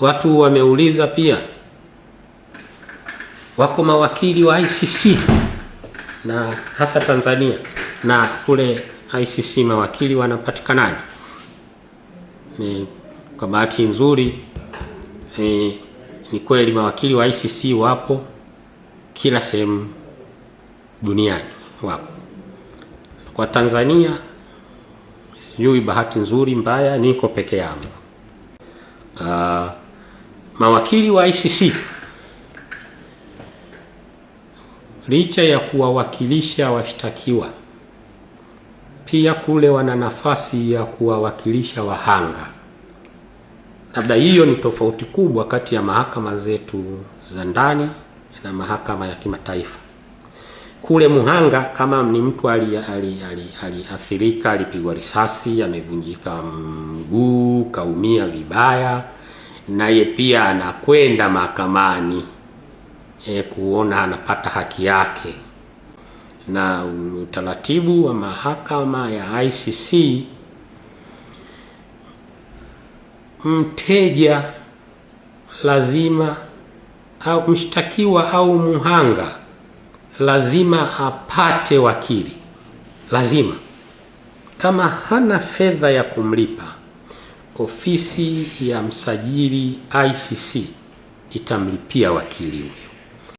Watu wameuliza pia, wako mawakili wa ICC na hasa Tanzania na kule ICC mawakili wanapatikanaje? Ni kwa bahati nzuri eh, ni kweli mawakili wa ICC wapo kila sehemu duniani wapo. Kwa Tanzania sijui bahati nzuri mbaya, niko peke yangu. Uh, mawakili wa ICC licha ya kuwawakilisha washtakiwa pia kule wana nafasi ya kuwawakilisha wahanga. Labda hiyo ni tofauti kubwa kati ya mahakama zetu za ndani na mahakama ya kimataifa. Kule muhanga, kama ni mtu aliathirika, ali, ali, ali, alipigwa risasi, amevunjika mguu, kaumia vibaya naye pia anakwenda mahakamani e, kuona anapata haki yake, na utaratibu wa mahakama ya ICC mteja lazima au mshtakiwa au muhanga lazima apate wakili, lazima. Kama hana fedha ya kumlipa ofisi ya msajili ICC itamlipia wakili